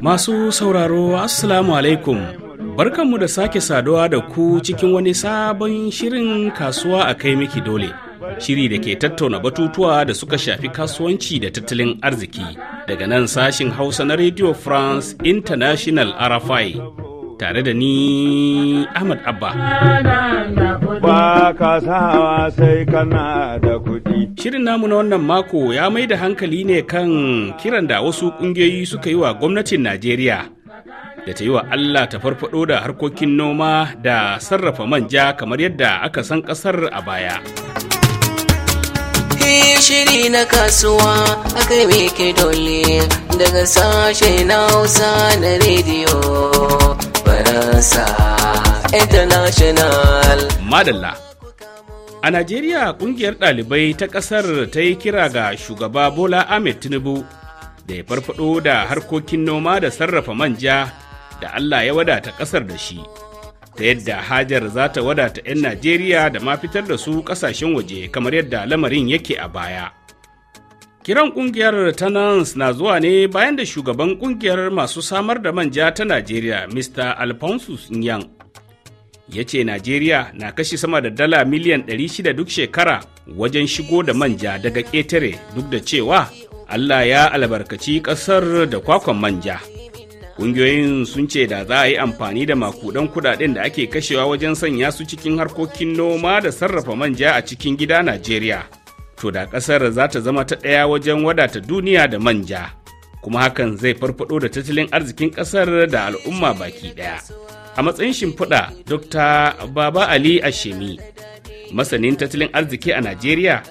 Masu sauraro, Assalamu alaikum. Barkanmu da sake saduwa da ku cikin wani sabon shirin kasuwa a kai miki dole. Shiri da ke tattauna batutuwa da suka shafi kasuwanci da tattalin arziki daga nan sashin Hausa na Radio France International RFI. tare da ni Ahmad Abba. Ba ka sawa sai kana da kuɗi. Shirin namu na wannan mako ya mai da hankali ne kan kiran da wasu ƙungiyoyi suka yi wa gwamnatin Najeriya. Da ta yi wa Allah ta farfaɗo da harkokin noma da sarrafa manja kamar yadda aka san ƙasar a baya. shiri na kasuwa aka yi ke dole daga sashe na hausa na rediyo faransa international madalla a najeriya ƙungiyar ɗalibai ta ƙasar ta yi kira ga shugaba bola ahmed tinubu da ya farfado da harkokin noma da sarrafa manja da allah ya wadata ƙasar da shi ta yadda hajar za ta wadata 'yan najeriya da ma fitar da su ƙasashen waje kamar yadda lamarin yake a baya Kiran kungiyar tanans na zuwa ne bayan da shugaban kungiyar masu samar da manja ta Najeriya, Mr. Alphonsus Nyang, ya ce Najeriya na kashe sama da dala miliyan 600 duk shekara wajen shigo da manja daga ƙetare duk da cewa Allah ya albarkaci ƙasar da kwakwan manja. Ƙungiyoyin sun ce da za a yi amfani da makudan kudaden da ake kashewa wajen sanya su cikin harkokin noma da sarrafa manja a cikin gida Najeriya. to da ƙasar za ta zama ta ɗaya wajen wadata duniya da manja kuma hakan zai farfado da tattalin arzikin ƙasar da al'umma baki ɗaya a matsayin shimfiɗa dr baba ali ashemi masanin tattalin arziki a najeriya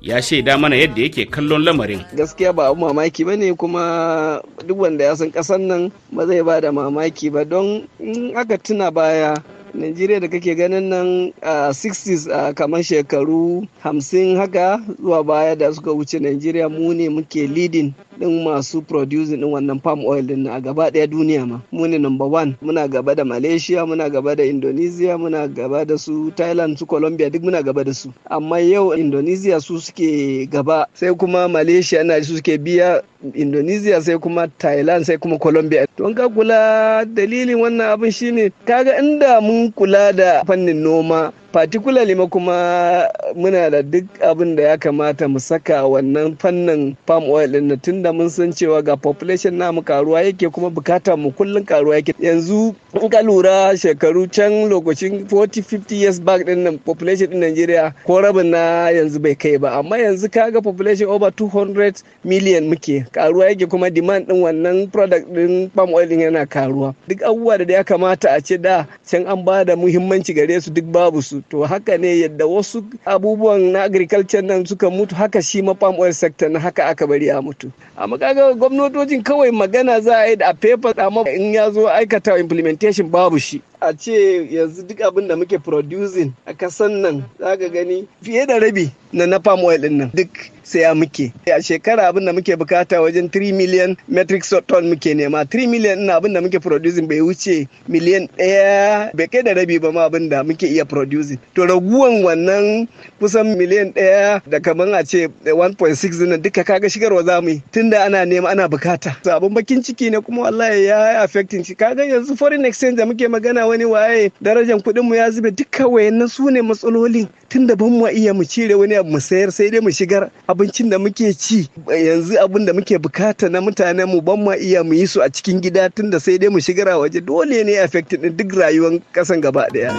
ya shaida mana yadda yake kallon lamarin. Gaskiya ba abu mamaki ba ne kuma duk wanda ya san ƙasar nan ba zai ba da mamaki ba don in aka tuna baya Najeriya da kake ganin nan a 60s a kamar shekaru 50 haka zuwa baya da suka wuce Najeriya mu ne muke leading din masu producing din wannan palm oil din a gaba daya duniya ma mu ne number one muna gaba da malaysia muna gaba da indonesia muna gaba da su thailand su colombia duk muna gaba da su amma yau indonesia su suke gaba sai kuma malaysia na su suke biya indonesia sai kuma thailand sai kuma colombia don ka kula dalilin wannan abin shine kaga inda mun kula da fannin noma particularly ma kuma muna da duk abin da ya kamata mu saka wannan fannin palm oil din tunda mun san cewa ga population namu karuwa yake kuma bukata mu kullun karuwa yake yanzu in ka lura shekaru can lokacin 40 50 years back din nan population din Najeriya ko rabin na yanzu bai kai ba amma yanzu kaga population over 200 million muke karuwa yake kuma demand din wannan product din palm oil din yana karuwa duk abubuwa da ya kamata a ce da can an ba da muhimmanci gare su duk babu su to haka ne yadda wasu abubuwan na agriculture nan suka mutu haka shi ma palm oil sector na haka aka bari a mutu amma kaga gwamnatocin kawai magana za a yi da a paper amma in ya zo aikata implementation babu shi a ce yanzu duk abin da muke producing a kasan nan zaka gani fiye da rabi na na palm oil din nan duk sai ya muke a shekara abin da muke bukata wajen 3 million metric ton muke nema 3 million na abin da muke producing bai wuce miliyan ɗaya bai kai da rabi ba ma abin da muke iya producing to raguwan wannan kusan miliyan ɗaya da kamar a ce 1.6 dinan duka kaga shigarwa za mu yi tunda ana nema ana bukata abin bakin ciki ne kuma wallahi ya affecting shi kaga yanzu foreign exchange da muke magana wani waye darajar kuɗin mu ya zube duka wayannan su ne matsalolin da ban mu iya mu cire wani abu mu sayar sai dai mu shigar abincin da muke ci yanzu abin da muke bukata na mutanen mu ban mu iya mu yi su a cikin gida da sai dai mu shigar a waje dole ne affected din duk rayuwar kasan gaba daya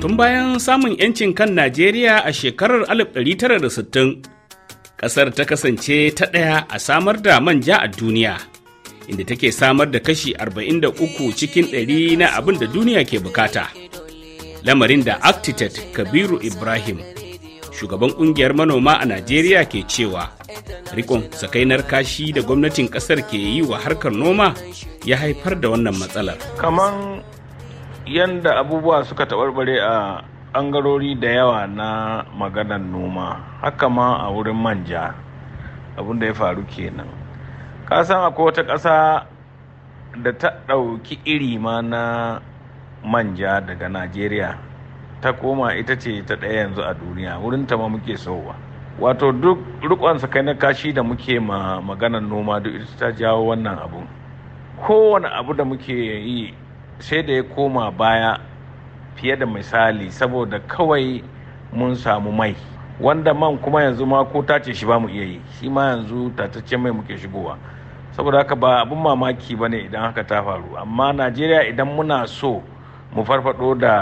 tun bayan samun 'yancin kan najeriya a shekarar 1960 kasar ta kasance ta ɗaya a samar da manja a duniya inda take samar da kashi 43 cikin ɗari na abin da duniya ke bukata. Lamarin da Actitet Kabiru Ibrahim, shugaban ƙungiyar manoma a Najeriya ke cewa, rikon sakainar kashi da gwamnatin ƙasar ke yi wa harkar noma ya haifar da wannan matsalar. Kaman yadda abubuwa suka taɓarɓare a ɓangarori da yawa na maganar noma, haka ma a wurin manja, abin da ya faru kenan. ka san akwai wata ƙasa da ta ɗauki iri ma na manja daga najeriya ta koma ita ce ta ɗaya yanzu a duniya wurin ta ma muke sowa wato duk rikonsa kai na kashi da muke ma maganar noma duk ita ta jawo wannan abu kowane abu da muke yi sai da ya koma baya fiye da misali saboda kawai mun samu mai wanda man kuma yanzu ma ko ta ce shi ba mu iya yi shi ma yanzu ce mai muke shigowa saboda haka ba abin mamaki ba ne idan haka ta faru amma najeriya idan muna so mu farfado da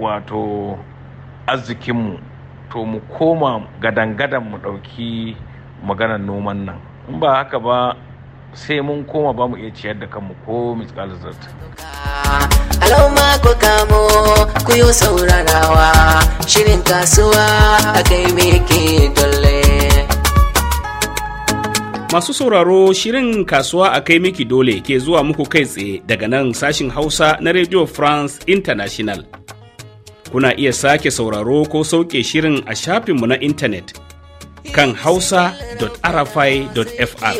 wato arzikinmu to mu koma gadan-gadan mu ɗauki maganar noman nan in ba haka ba sai mun koma ba mu iya ciyar da kanmu ko miskal zart alauma saurarawa shirin kasuwa a kai mai ke dole Masu sauraro shirin kasuwa a kai miki dole ke zuwa muku kai tsaye daga nan sashin Hausa na Radio France International. Kuna iya sake sauraro ko sauke shirin a shafinmu na intanet kan hausa.arafai.fr.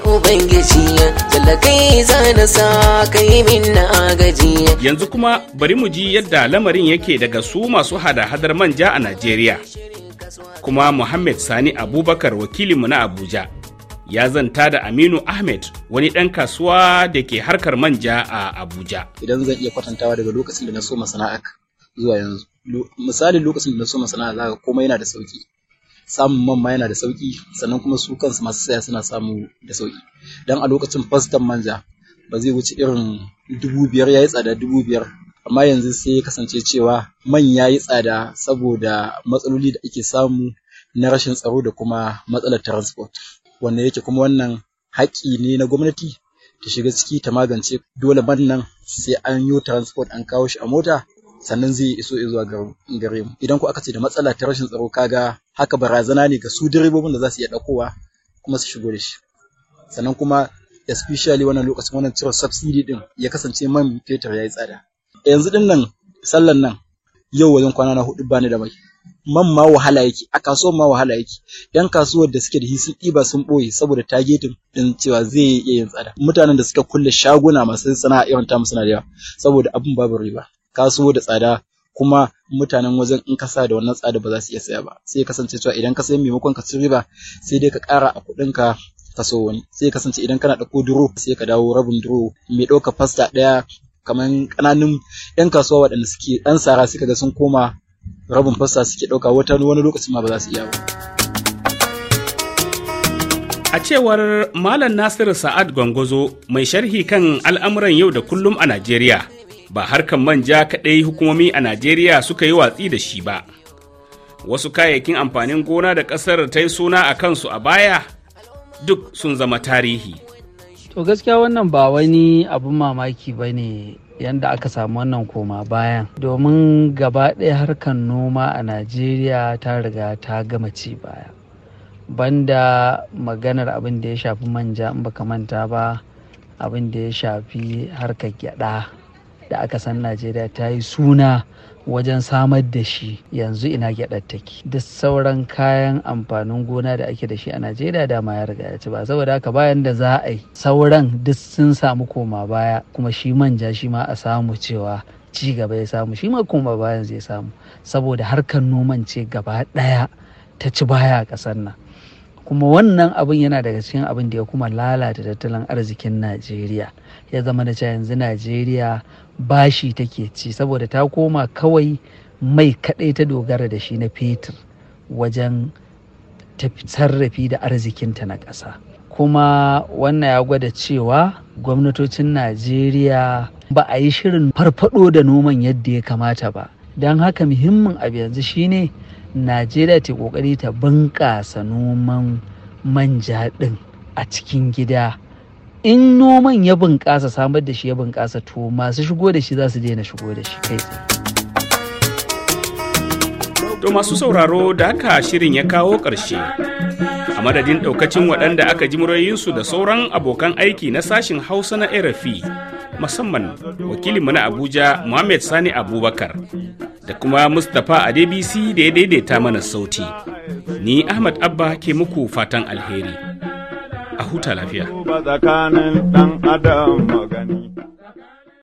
Yanzu kuma bari mu ji yadda lamarin yake daga su masu hada-hadar manja a Najeriya. Kuma Muhammad Sani Abubakar wakilinmu na Abuja. ya zanta da Aminu Ahmed wani ɗan kasuwa da ke harkar manja a Abuja. Idan zan iya kwatantawa daga lokacin da na so masana'a zuwa yanzu. Misalin lokacin da na so masana'a za komai yana da sauki. Samun man ma yana da sauki sannan kuma su kansu masu saya suna samu da sauki. Dan a lokacin fastan manja ba zai wuce irin dubu biyar ya yi tsada dubu biyar amma yanzu sai ya kasance cewa man ya yi tsada saboda matsaloli da ake samu na rashin tsaro da kuma matsalar transport. wanda yake kuma wannan haƙƙi ne na gwamnati ta shiga ciki ta magance dole nan sai an yi transport an kawo shi a mota sannan zai iso zuwa gare mu idan ku aka ce da matsala ta rashin tsaro kaga haka barazana ne ga su direbobin da za su iya ɗaukowa kuma su shigo da shi sannan kuma especially wannan lokacin wannan cire subsidy din ya kasance man fetur ya yi tsada yanzu din nan sallan nan yau wajen kwana na hudu bani da mai man ma wahala yake a kasuwar ma wahala yake yan kasuwar da suke da hisin ɗiba sun ɓoye saboda tagetin din cewa zai iya yin tsada mutanen da suka kulle shaguna masu sana'a irin ta suna da yawa saboda abin babu riba kasuwar da tsada kuma mutanen wajen in kasa da wannan tsada ba za su iya saya ba sai kasance cewa idan ka sayi maimakon ka ci riba sai dai ka ƙara a kuɗin ka kaso wani sai kasance idan kana ɗauko duro sai ka dawo rabin duro mai ɗauka fasta ɗaya kamar ƙananun 'yan kasuwa waɗanda suke ɗan sara suka ga sun koma rabin fassa suke ɗauka wata wani lokacin ma ba za su iya ba. A cewar Malam Nasiru Sa'ad Gwangwazo mai sharhi kan al'amuran yau da kullum a Najeriya, ba harkan manja kaɗai hukumomi a Najeriya suka yi watsi da shi ba. Wasu kayayyakin amfanin gona da ƙasar ta yi suna a kansu a baya duk sun zama tarihi. To gaskiya wannan ba wani abin mamaki ba ne yadda aka samu wannan koma bayan domin gaba ɗaya harkar noma a najeriya ta riga ta gama ci baya banda maganar abin da ya shafi manja in baka manta ba abin da ya shafi harkar gyada da aka san najeriya ta yi suna wajen samar da shi yanzu ina gyaɗar take da sauran kayan amfanin gona da ake da shi a najeriya ma ya riga ya ci ba saboda haka bayan da za a yi sauran duk sun samu koma baya kuma shi manja shi ma a samu cewa ci gaba ya samu shi ma koma bayan zai samu saboda harkar noman ce gaba ɗaya ta ci baya a ƙasar nan kuma wannan abin yana daga cikin abin da ya kuma lalata tattalin arzikin najeriya ya zama da yanzu najeriya bashi take ci saboda ta koma kawai mai kaɗai ta dogara da shi na fetur wajen sarrafi da arzikinta na ƙasa kuma wannan ya gwada cewa gwamnatocin najeriya ba a yi shirin farfado da noman yadda ya kamata ba don haka muhimmin abu yanzu shine najeriya ta kokari ta bunƙasa noman manja ɗin a cikin gida in noman ya bunƙasa samar da shi ya bunƙasa to masu shigo da shi za su daina shigo da shi kai to masu sauraro da haka shirin ya kawo ƙarshe a madadin ɗaukacin waɗanda aka ji murayinsu da sauran abokan aiki na sashin hausa na rfi musamman wakilinmu na abuja Muhammed sani abubakar da kuma Mustapha a DBC da ya daidaita mana sauti. Ni Ahmad Abba ke muku fatan alheri. A huta lafiya.